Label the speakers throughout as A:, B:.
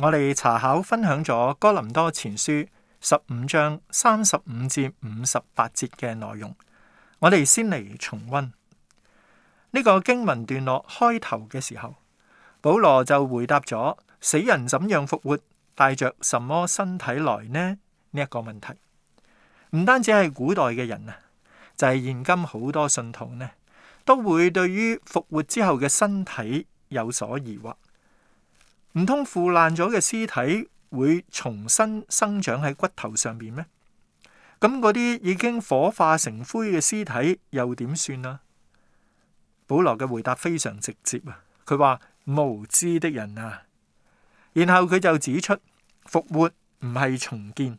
A: 我哋查考分享咗哥林多前書十五章三十五至五十八節嘅內容，我哋先嚟重溫呢、這個經文段落開頭嘅時候，保羅就回答咗死人怎樣復活、帶着什麼身體來呢？呢、這、一個問題，唔單止係古代嘅人啊，就係、是、現今好多信徒呢，都會對於復活之後嘅身體有所疑惑。唔通腐爛咗嘅屍體會重新生長喺骨頭上面咩？咁嗰啲已經火化成灰嘅屍體又點算呀？保羅嘅回答非常直接啊！佢話無知的人啊，然後佢就指出復活唔係重建。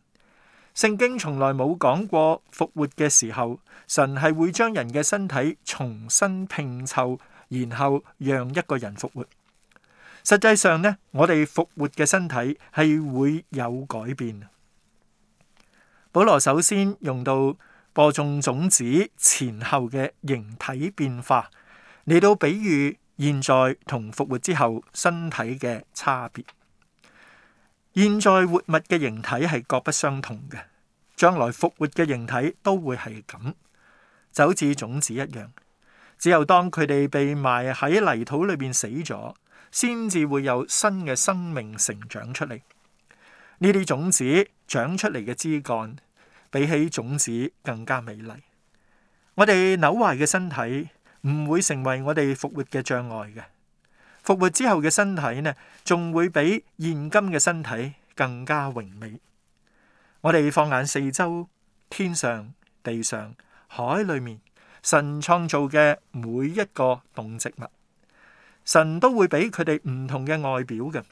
A: 聖經從來冇講過復活嘅時候，神係會將人嘅身體重新拼湊，然後讓一個人復活。實際上咧，我哋復活嘅身體係會有改變。保羅首先用到播種種子前後嘅形體變化嚟到比喻現在同復活之後身體嘅差別。現在活物嘅形體係各不相同嘅，將來復活嘅形體都會係咁，就好似種子一樣。只有當佢哋被埋喺泥土裏邊死咗，先至會有新嘅生命成長出嚟。呢啲種子長出嚟嘅枝幹，比起種子更加美麗。我哋扭壞嘅身體唔會成為我哋復活嘅障礙嘅。復活之後嘅身體呢，仲會比現今嘅身體更加榮美。我哋放眼四周，天上、地上、海裏面，神創造嘅每一個動植物。神都會俾佢哋唔同嘅外表嘅，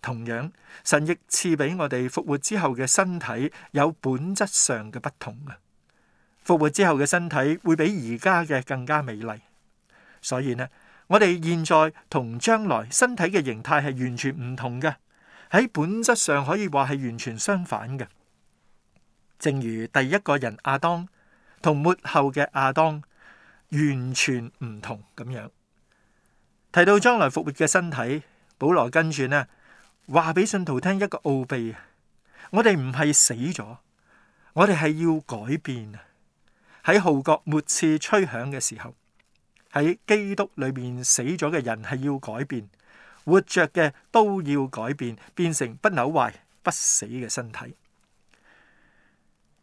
A: 同樣神亦賜俾我哋復活之後嘅身體有本質上嘅不同嘅。復活之後嘅身體會比而家嘅更加美麗，所以呢，我哋現在同將來身體嘅形態係完全唔同嘅，喺本質上可以話係完全相反嘅，正如第一個人阿當同末後嘅阿當完全唔同咁樣。提到將來復活嘅身體，保羅跟住呢話俾信徒聽一個奧秘：我哋唔係死咗，我哋係要改變。喺號角末次吹響嘅時候，喺基督裏面死咗嘅人係要改變，活着嘅都要改變，變成不朽壞、不死嘅身體。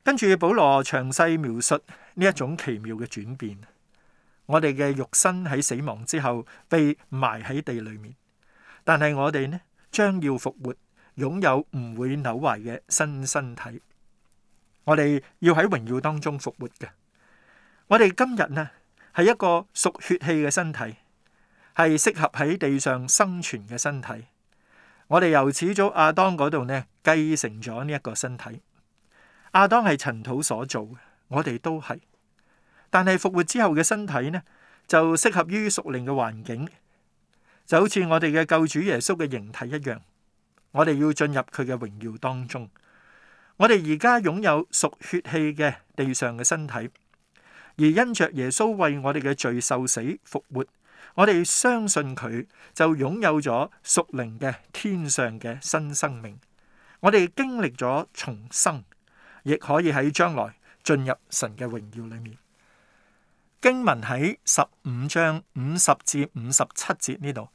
A: 跟住保羅詳細描述呢一種奇妙嘅轉變。我哋嘅肉身喺死亡之後被埋喺地裏面，但係我哋呢將要復活，擁有唔會朽壞嘅新身體。我哋要喺榮耀當中復活嘅。我哋今日呢係一個屬血氣嘅身體，係適合喺地上生存嘅身體。我哋由始祖亞當嗰度呢繼承咗呢一個身體。亞當係塵土所做嘅，我哋都係。但係復活之後嘅身體呢，就適合於屬靈嘅環境，就好似我哋嘅救主耶穌嘅形體一樣。我哋要進入佢嘅榮耀當中。我哋而家擁有屬血氣嘅地上嘅身體，而因着耶穌為我哋嘅罪受死復活，我哋相信佢就擁有咗屬靈嘅天上嘅新生命。我哋經歷咗重生，亦可以喺將來進入神嘅榮耀裏面。經文喺十五章五十至五十七節呢度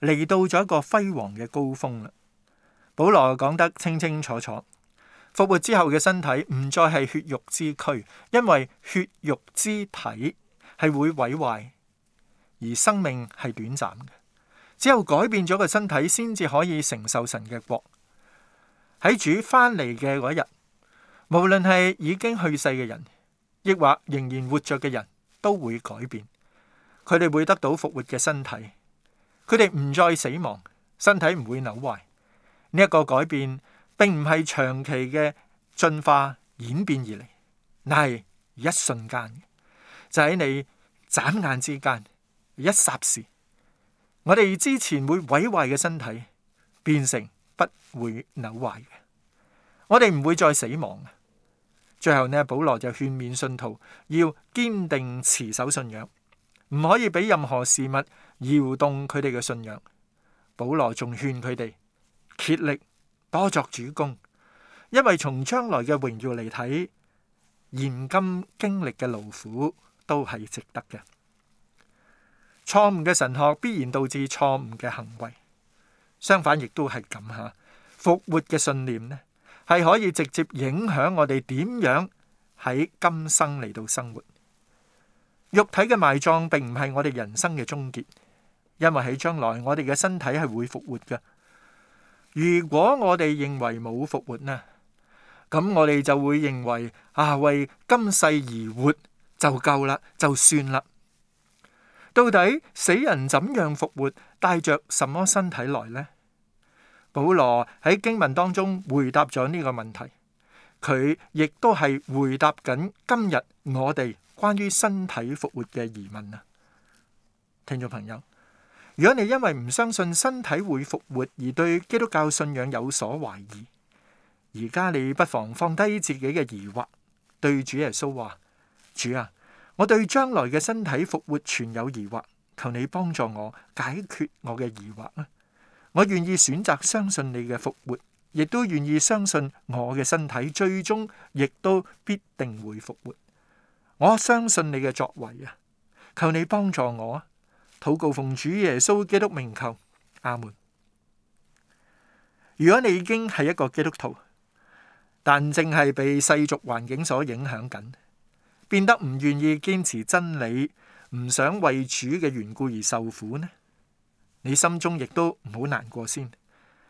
A: 嚟到咗一個輝煌嘅高峰啦。保羅講得清清楚楚，復活之後嘅身體唔再係血肉之軀，因為血肉之體係會毀壞，而生命係短暫嘅。只有改變咗個身體，先至可以承受神嘅國。喺主翻嚟嘅嗰日，無論係已經去世嘅人，亦或仍然活着嘅人。都會改變，佢哋會得到復活嘅身體，佢哋唔再死亡，身體唔會扭壞。呢、這、一個改變並唔係長期嘅進化演變而嚟，但係一瞬間就喺你眨眼之間，一霎時，我哋之前會毀壞嘅身體變成不會扭壞嘅，我哋唔會再死亡最後呢，保羅就勸勉信徒要堅定持守信仰，唔可以俾任何事物搖動佢哋嘅信仰。保羅仲勸佢哋竭力多作主工，因為從將來嘅榮耀嚟睇，現今經歷嘅勞苦都係值得嘅。錯誤嘅神學必然導致錯誤嘅行為，相反亦都係咁吓。復活嘅信念呢？係可以直接影響我哋點樣喺今生嚟到生活。肉體嘅埋葬並唔係我哋人生嘅終結，因為喺將來我哋嘅身體係會復活嘅。如果我哋認為冇復活呢，咁我哋就會認為啊，為今世而活就夠啦，就算啦。到底死人怎樣復活，帶着什麼身體來呢？保羅喺經文當中回答咗呢個問題，佢亦都係回答緊今日我哋關於身體復活嘅疑問啊！聽眾朋友，如果你因為唔相信身體會復活而對基督教信仰有所懷疑，而家你不妨放低自己嘅疑惑，對主耶穌話：主啊，我對將來嘅身體復活存有疑惑，求你幫助我解決我嘅疑惑啦！我願意選擇相信你嘅復活，亦都願意相信我嘅身體最終亦都必定會復活。我相信你嘅作為啊！求你幫助我啊！禱告奉主耶穌基督名求，阿門。如果你已經係一個基督徒，但淨係被世俗環境所影響緊，變得唔願意堅持真理，唔想為主嘅緣故而受苦呢？你心中亦都唔好難過先，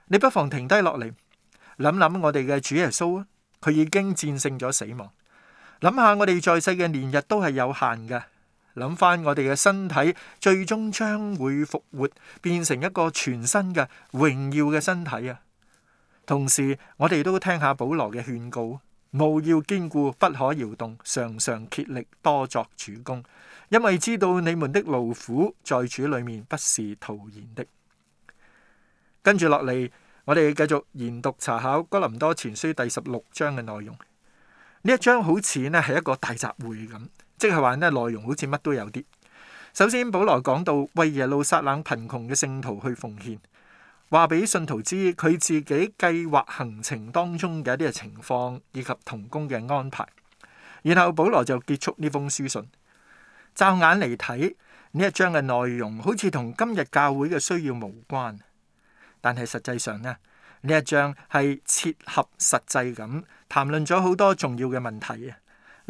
A: 你不妨停低落嚟諗諗我哋嘅主耶穌啊，佢已經戰勝咗死亡。諗下我哋在世嘅年日都係有限㗎，諗翻我哋嘅身體最終將會復活，變成一個全新嘅榮耀嘅身體啊。同時，我哋都聽下保羅嘅勸告。務要堅固，不可搖動，常常竭力多作主工，因為知道你們的勞苦在主裏面不是徒然的。跟住落嚟，我哋繼續研讀查考哥林多前書第十六章嘅內容。呢一章好似咧係一個大集會咁，即係話咧內容好似乜都有啲。首先，保羅講到為耶路撒冷貧窮嘅聖徒去奉獻。話俾信徒知佢自己計劃行程當中嘅一啲嘅情況，以及同工嘅安排。然後保羅就結束呢封書信。驟眼嚟睇呢一章嘅內容，好似同今日教會嘅需要無關。但係實際上呢，呢一章係切合實際咁談論咗好多重要嘅問題啊，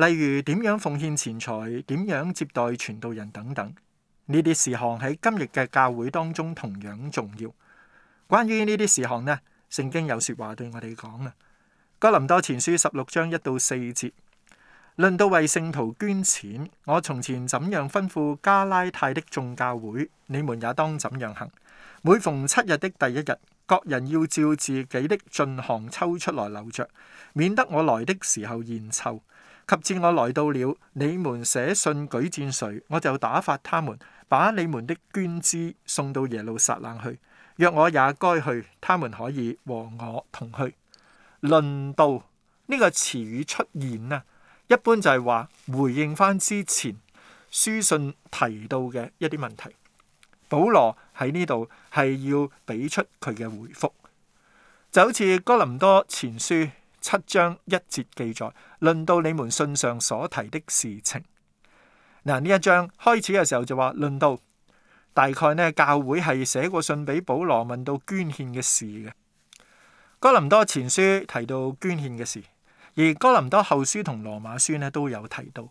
A: 例如點樣奉獻錢財，點樣接待傳道人等等。呢啲事項喺今日嘅教會當中同樣重要。關於呢啲事項呢，聖經有說話對我哋講啊。哥林多前書十六章一到四節，論到為聖徒捐錢，我從前怎樣吩咐加拉太的眾教會，你們也當怎樣行。每逢七日的第一日，各人要照自己的進項抽出來留着，免得我來的時候現湊。及至我來到了，你們寫信舉薦誰，我就打發他們把你們的捐資送到耶路撒冷去。若我也該去，他們可以和我同去。論到呢個詞語出現呢，一般就係話回應返之前書信提到嘅一啲問題。保羅喺呢度係要畀出佢嘅回覆，就好似哥林多前書七章一節記載：論到你們信上所提的事情。嗱，呢一章開始嘅時候就話論到。大概呢，教會係寫過信俾保羅問到捐獻嘅事嘅。哥林多前書提到捐獻嘅事，而哥林多後書同羅馬書呢都有提到。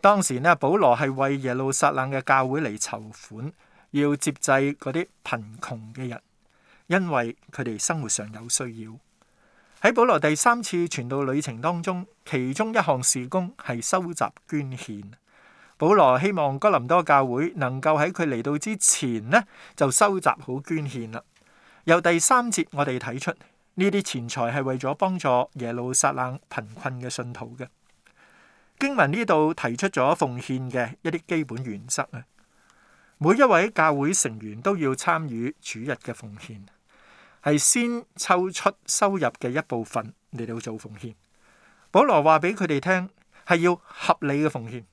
A: 當時呢，保羅係為耶路撒冷嘅教會嚟籌款，要接濟嗰啲貧窮嘅人，因為佢哋生活上有需要。喺保羅第三次傳道旅程當中，其中一項事工係收集捐獻。保羅希望哥林多教會能夠喺佢嚟到之前呢，就收集好捐獻啦。由第三節我哋睇出，呢啲錢財係為咗幫助耶路撒冷貧困嘅信徒嘅。經文呢度提出咗奉獻嘅一啲基本原則啊。每一位教會成員都要參與主日嘅奉獻，係先抽出收入嘅一部分嚟到做奉獻。保羅話俾佢哋聽，係要合理嘅奉獻。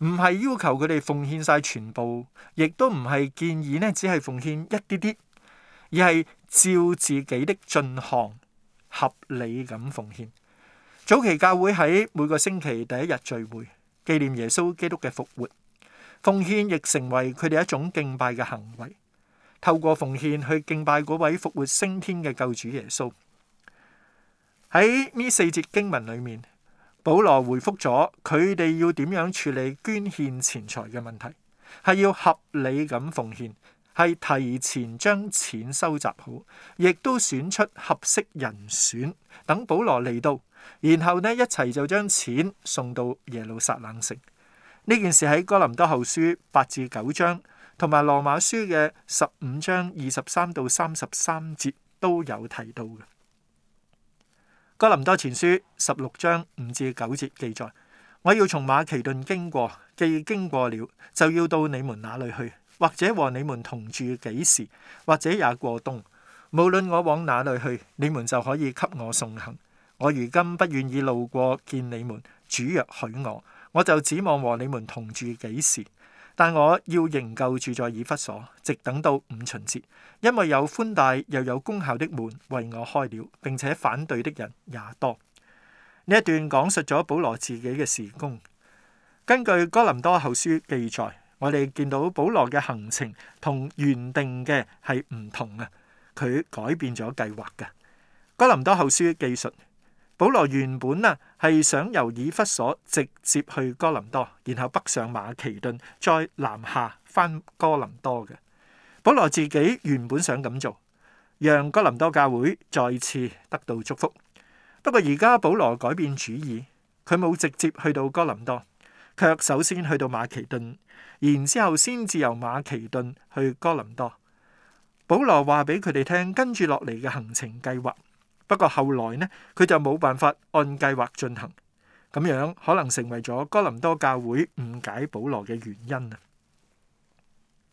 A: 唔係要求佢哋奉獻晒全部，亦都唔係建議呢，只係奉獻一啲啲，而係照自己的進項合理咁奉獻。早期教會喺每個星期第一日聚會，紀念耶穌基督嘅復活，奉獻亦成為佢哋一種敬拜嘅行為。透過奉獻去敬拜嗰位復活升天嘅救主耶穌。喺呢四節經文裏面，保羅回覆咗佢哋要點樣處理捐獻錢財嘅問題，係要合理咁奉獻，係提前將錢收集好，亦都選出合適人選，等保羅嚟到，然後呢，一齊就將錢送到耶路撒冷城。呢件事喺哥林多後書八至九章，同埋羅馬書嘅十五章二十三到三十三節都有提到嘅。哥林多前書十六章五至九節記載：我要從馬其頓經過，既經過了，就要到你們那裏去，或者和你們同住幾時，或者也過冬。無論我往哪裏去，你們就可以給我送行。我如今不願意路過見你們，主若許我，我就指望和你們同住幾時。但我要仍舊住在以弗所，直等到五旬節，因為有寬大又有功效的門為我開了，並且反對的人也多。呢一段講述咗保羅自己嘅事工。根據哥林多後書記載，我哋見到保羅嘅行程同原定嘅係唔同啊，佢改變咗計劃嘅。哥林多後書記述。保羅原本啊係想由以弗所直接去哥林多，然後北上馬其頓，再南下翻哥林多嘅。保羅自己原本想咁做，讓哥林多教會再次得到祝福。不過而家保羅改變主意，佢冇直接去到哥林多，卻首先去到馬其頓，然之後先至由馬其頓去哥林多。保羅話俾佢哋聽，跟住落嚟嘅行程計劃。不過後來呢，佢就冇辦法按計劃進行，咁樣可能成為咗哥林多教會誤解保羅嘅原因啊。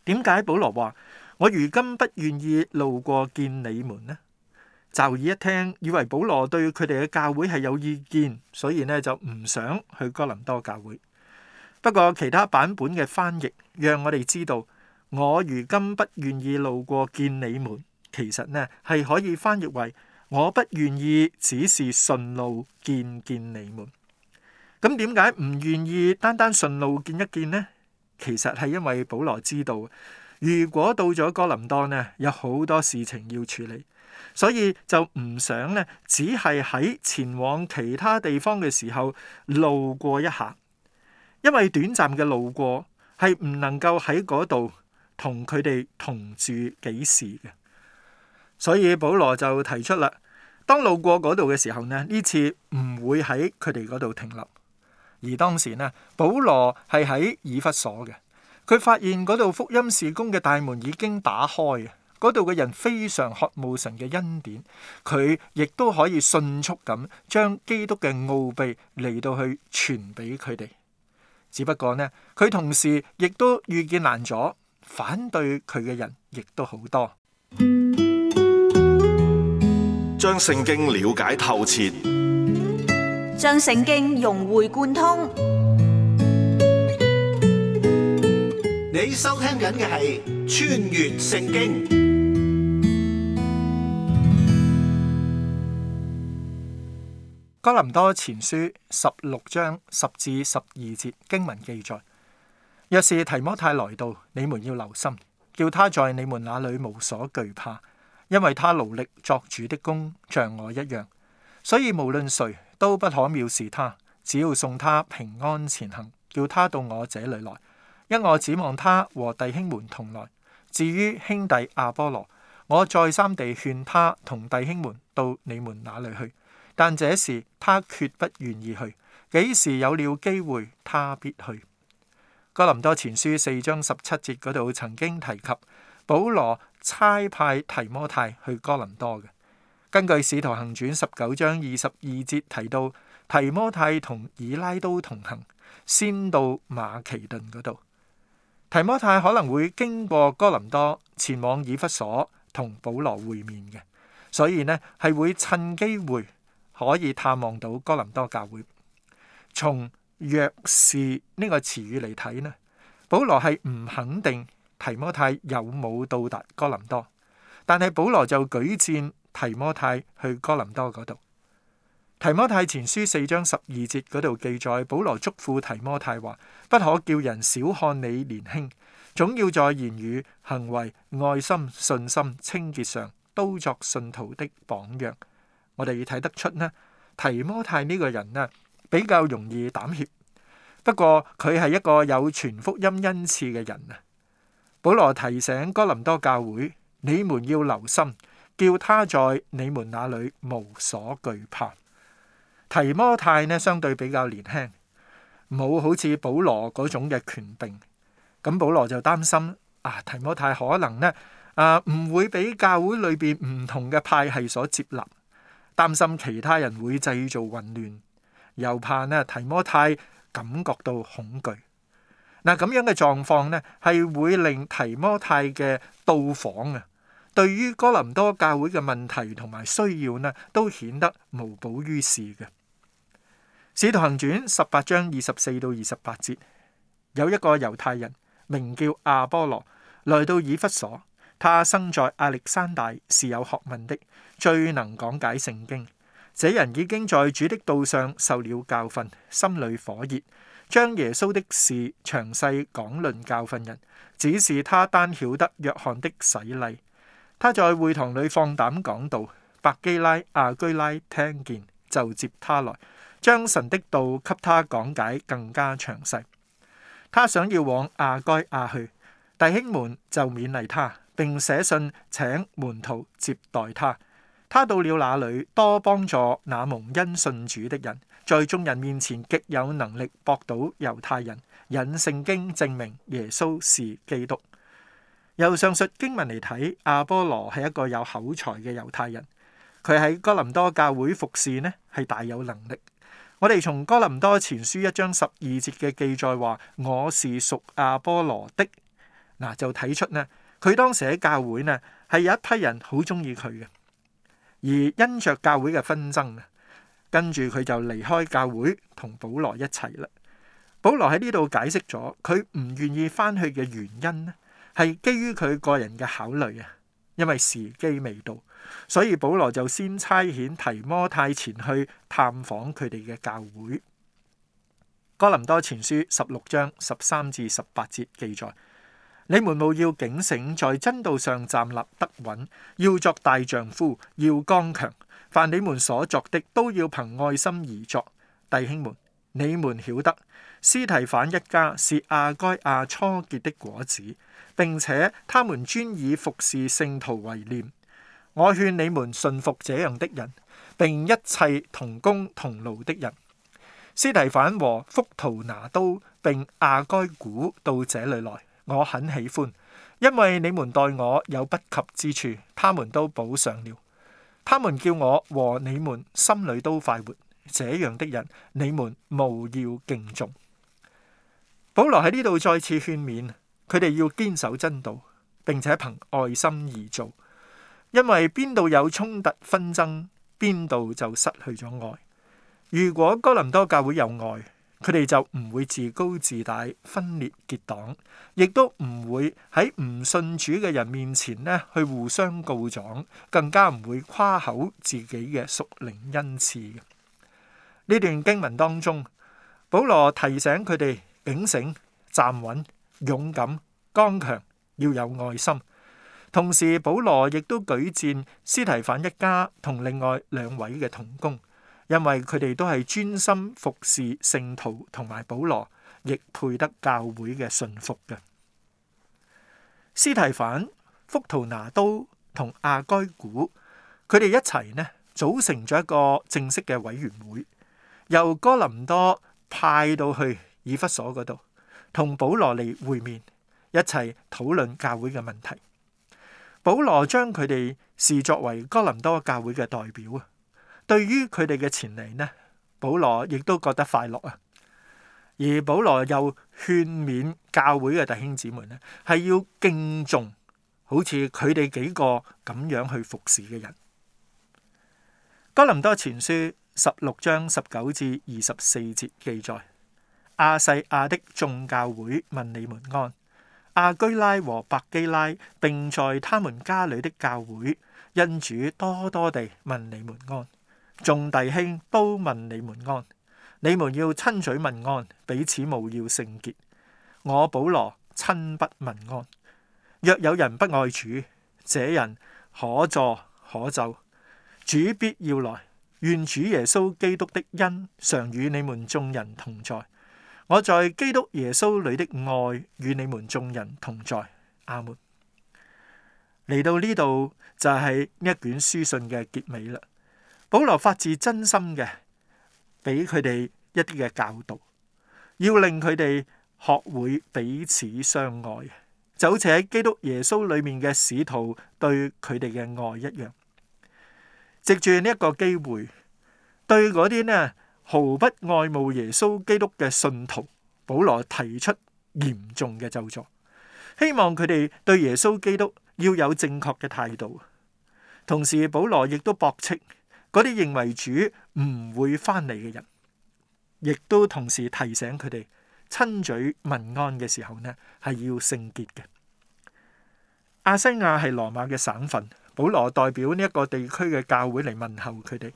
A: 點解保羅話我如今不願意路過見你們呢？就議一聽，以為保羅對佢哋嘅教會係有意見，所以呢就唔想去哥林多教會。不過其他版本嘅翻譯讓我哋知道，我如今不願意路過見你們，其實呢係可以翻譯為。我不願意，只是順路見見你們。咁點解唔願意單單順路見一見呢？其實係因為保羅知道，如果到咗哥林多呢，有好多事情要處理，所以就唔想呢，只係喺前往其他地方嘅時候路過一下。因為短暫嘅路過係唔能夠喺嗰度同佢哋同住幾時嘅，所以保羅就提出啦。當路過嗰度嘅時候呢，呢次唔會喺佢哋嗰度停留。而當時呢，保羅係喺以弗所嘅，佢發現嗰度福音事工嘅大門已經打開啊！嗰度嘅人非常渴慕神嘅恩典，佢亦都可以迅速咁將基督嘅奧秘嚟到去傳俾佢哋。只不過呢，佢同時亦都遇見攔阻，反對佢嘅人亦都好多。將聖經了解透徹，嗯，將聖經融會貫通。你收聽緊嘅係《穿越聖經》。哥林多前書十六章十至十二節經文記載：若是提摩太來到，你們要留心，叫他在你們那裏無所懼怕。因為他勞力作主的工，像我一樣，所以無論誰都不可藐視他。只要送他平安前行，叫他到我這裡來，因我指望他和弟兄們同來。至於兄弟亞波羅，我再三地勸他同弟兄們到你們那裡去，但這時他決不願意去。幾時有了機會，他必去。哥林多前書四章十七節嗰度曾經提及保羅。差派提摩太去哥林多嘅，根據《使徒行傳》十九章二十二節提到，提摩太同以拉都同行，先到馬其頓嗰度。提摩太可能會經過哥林多，前往以弗所同保羅會面嘅，所以呢係會趁機會可以探望到哥林多教會。從若是呢個詞語嚟睇呢，保羅係唔肯定。提摩太有冇到達哥林多？但係保羅就舉薦提摩太去哥林多嗰度。提摩太前書四章十二節嗰度記載，保羅囑咐提摩太話：不可叫人小看你年輕，總要在言語、行為、愛心、信心、清潔上都作信徒的榜樣。我哋睇得出呢，提摩太呢個人呢比較容易膽怯，不過佢係一個有全福音恩賜嘅人啊。保羅提醒哥林多教會，你們要留心，叫他在你們那裏無所懼怕。提摩太呢，相對比較年輕，冇好似保羅嗰種嘅權柄，咁保羅就擔心啊提摩太可能呢啊唔會俾教會裏邊唔同嘅派系所接納，擔心其他人會製造混亂，又怕呢提摩太感覺到恐懼。嗱咁樣嘅狀況呢，係會令提摩太嘅到訪啊，對於哥林多教會嘅問題同埋需要呢，都顯得無補於事嘅。《使徒行傳》十八章二十四到二十八節，有一個猶太人名叫亞波羅，來到以弗所。他生在亞歷山大，是有學問的，最能講解聖經。這人已經在主的道上受了教訓，心裏火熱。將耶穌的事詳細講論教訓人，只是他單曉得約翰的洗禮。他在會堂裏放膽講道，百基拉、亞居拉聽見，就接他來，將神的道給他講解更加詳細。他想要往亞該亞去，弟兄們就勉勵他，並寫信請門徒接待他。他到了那裏，多幫助那蒙恩信主的人。在眾人面前極有能力駁倒猶太人，引聖經證明耶穌是基督。由上述經文嚟睇，阿波羅係一個有口才嘅猶太人，佢喺哥林多教會服侍呢係大有能力。我哋從哥林多前書一章十二節嘅記載話，我是屬阿波羅的，嗱、呃、就睇出呢佢當時喺教會呢係有一批人好中意佢嘅，而因着教會嘅紛爭啊。跟住佢就離開教會同保羅一齊啦。保羅喺呢度解釋咗佢唔願意翻去嘅原因咧，係基於佢個人嘅考慮啊，因為時機未到，所以保羅就先差遣提摩太前去探訪佢哋嘅教會。哥林多前書十六章十三至十八節記載：「你們務要警醒，在真道上站立得穩，要作大丈夫，要剛強。凡你們所作的，都要憑愛心而作。弟兄們，你們曉得，斯提反一家是亞該亞初結的果子，並且他們專以服侍聖徒為念。我勸你們信服這樣的人，並一切同工同勞的人。斯提反和福圖拿都並亞該古到這裏來，我很喜歡，因為你們待我有不及之處，他們都補上了。他們叫我和你們心裏都快活，這樣的人你們務要敬重。保羅喺呢度再次勸勉佢哋要堅守真道，並且憑愛心而做，因為邊度有衝突紛爭，邊度就失去咗愛。如果哥林多教會有愛，佢哋就唔會自高自大、分裂結黨，亦都唔會喺唔信主嘅人面前呢去互相告狀，更加唔會誇口自己嘅屬靈恩賜嘅。呢段經文當中，保羅提醒佢哋警醒、站穩、勇敢、剛強，要有愛心。同時，保羅亦都舉薦司提反一家同另外兩位嘅同工。因為佢哋都係專心服侍聖徒同埋保羅，亦配得教會嘅信服嘅。斯提凡、福圖拿都同亞該古，佢哋一齊呢組成咗一個正式嘅委員會，由哥林多派到去以弗所嗰度，同保羅嚟會面，一齊討論教會嘅問題。保羅將佢哋視作為哥林多教會嘅代表啊！對於佢哋嘅前嚟咧，保羅亦都覺得快樂啊！而保羅又勸勉教會嘅弟兄姊妹咧，係要敬重好似佢哋幾個咁樣去服侍嘅人。哥林多前書十六章十九至二十四節記載：亞西亞的眾教會問你們安；亞居拉和百基拉並在他們家裏的教會，因主多多地問你們安。眾弟兄都問你們安，你們要親嘴問安，彼此務要聖潔。我保羅親筆問安。若有人不愛主，這人可詛可咒。主必要來，願主耶穌基督的恩常與你們眾人同在。我在基督耶穌裏的愛與你們眾人同在。阿門。嚟到呢度就係呢一卷書信嘅結尾啦。保羅發自真心嘅，俾佢哋一啲嘅教導，要令佢哋學會彼此相愛，就好似喺基督耶穌裏面嘅使徒對佢哋嘅愛一樣。藉住呢一個機會，對嗰啲呢毫不愛慕耶穌基督嘅信徒，保羅提出嚴重嘅咒詛，希望佢哋對耶穌基督要有正確嘅態度。同時，保羅亦都駁斥。嗰啲認為主唔會返嚟嘅人，亦都同時提醒佢哋親嘴問安嘅時候呢，係要聖潔嘅。亞西亞係羅馬嘅省份，保羅代表呢一個地區嘅教會嚟問候佢哋。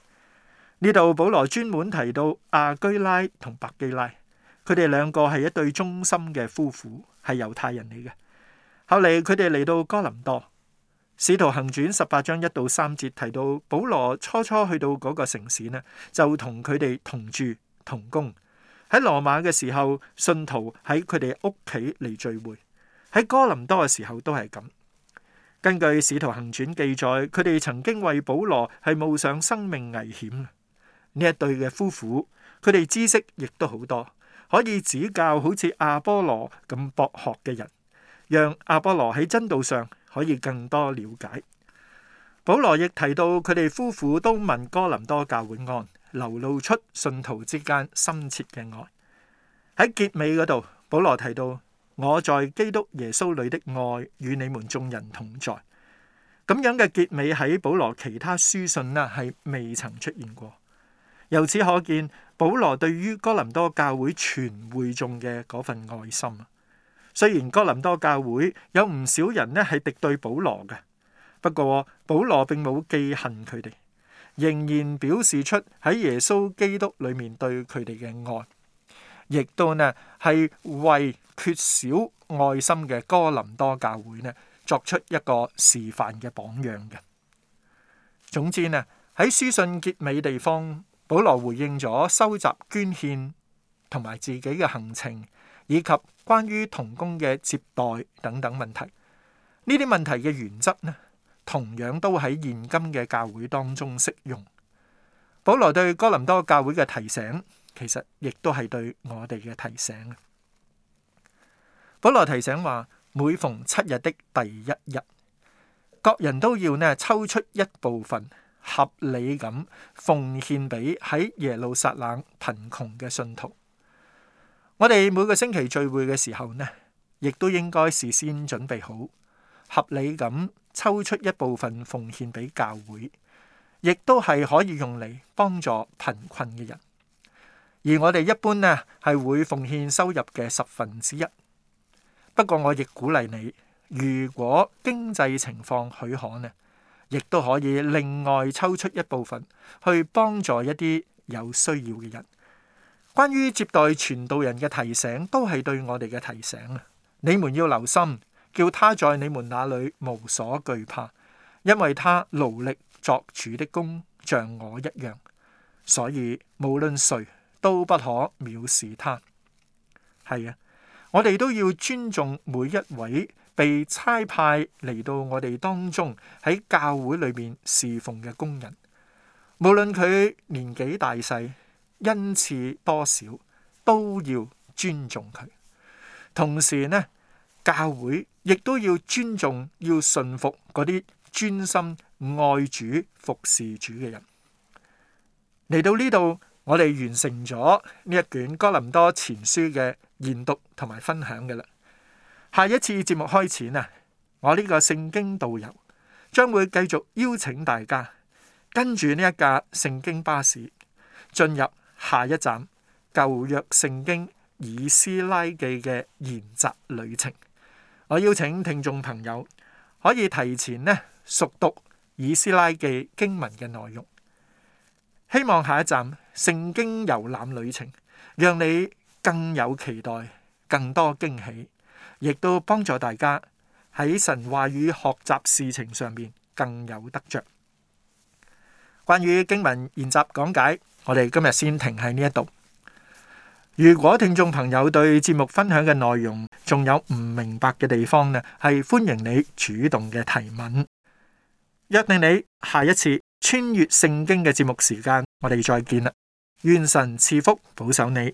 A: 呢度保羅專門提到亞居拉同百基拉，佢哋兩個係一對忠心嘅夫婦，係猶太人嚟嘅。後嚟佢哋嚟到哥林多。使徒行傳十八章一到三節提到，保羅初初去到嗰個城市呢，就同佢哋同住同工。喺羅馬嘅時候，信徒喺佢哋屋企嚟聚會；喺哥林多嘅時候都係咁。根據使徒行傳記載，佢哋曾經為保羅係冒上生命危險。呢一對嘅夫婦，佢哋知識亦都好多，可以指教好似亞波羅咁博學嘅人，讓亞波羅喺真道上，可以更多了解。保羅亦提到佢哋夫婦都問哥林多教會安，流露出信徒之間深切嘅愛。喺結尾嗰度，保羅提到，我在基督耶穌裏的愛與你們眾人同在。咁樣嘅結尾喺保羅其他書信啦係未曾出現過。由此可見，保羅對於哥林多教會全會眾嘅嗰份愛心。雖然哥林多教會有唔少人呢係敵對保羅嘅，不過保羅並冇記恨佢哋，仍然表示出喺耶穌基督裏面對佢哋嘅愛，亦都呢係為缺少愛心嘅哥林多教會呢作出一個示範嘅榜樣嘅。總之呢喺書信結尾地方，保羅回應咗收集捐獻同埋自己嘅行程。以及關於同工嘅接待等等問題，呢啲問題嘅原則呢，同樣都喺現今嘅教會當中適用。保羅對哥林多教會嘅提醒，其實亦都係對我哋嘅提醒。保羅提醒話，每逢七日的第一日，各人都要呢抽出一部分合理咁奉獻俾喺耶路撒冷貧窮嘅信徒。我哋每個星期聚會嘅時候呢，亦都應該事先準備好，合理咁抽出一部分奉獻俾教會，亦都係可以用嚟幫助貧困嘅人。而我哋一般呢，係會奉獻收入嘅十分之一。不過我亦鼓勵你，如果經濟情況許可呢，亦都可以另外抽出一部分去幫助一啲有需要嘅人。關於接待傳道人嘅提醒，都係對我哋嘅提醒啊！你們要留心，叫他在你們那裏無所懼怕，因為他勞力作主的工像我一樣，所以無論誰都不可藐視他。係啊，我哋都要尊重每一位被差派嚟到我哋當中喺教會裏面侍奉嘅工人，無論佢年紀大細。因此多少都要尊重佢，同時呢教會亦都要尊重、要順服嗰啲專心愛主、服侍主嘅人。嚟到呢度，我哋完成咗呢一卷哥林多前書嘅研讀同埋分享嘅啦。下一次節目開始啊，我呢個聖經導遊將會繼續邀請大家跟住呢一架聖經巴士進入。下一站舊約聖經以斯拉記嘅研習旅程，我邀請聽眾朋友可以提前呢熟讀以斯拉記經文嘅內容，希望下一站聖經遊覽旅程，讓你更有期待，更多驚喜，亦都幫助大家喺神話語學習事情上面更有得着。關於經文研習講解。我哋今日先停喺呢一度。如果聽眾朋友對節目分享嘅內容仲有唔明白嘅地方呢，係歡迎你主動嘅提問。約定你下一次穿越聖經嘅節目時間，我哋再見啦。願神賜福保守你。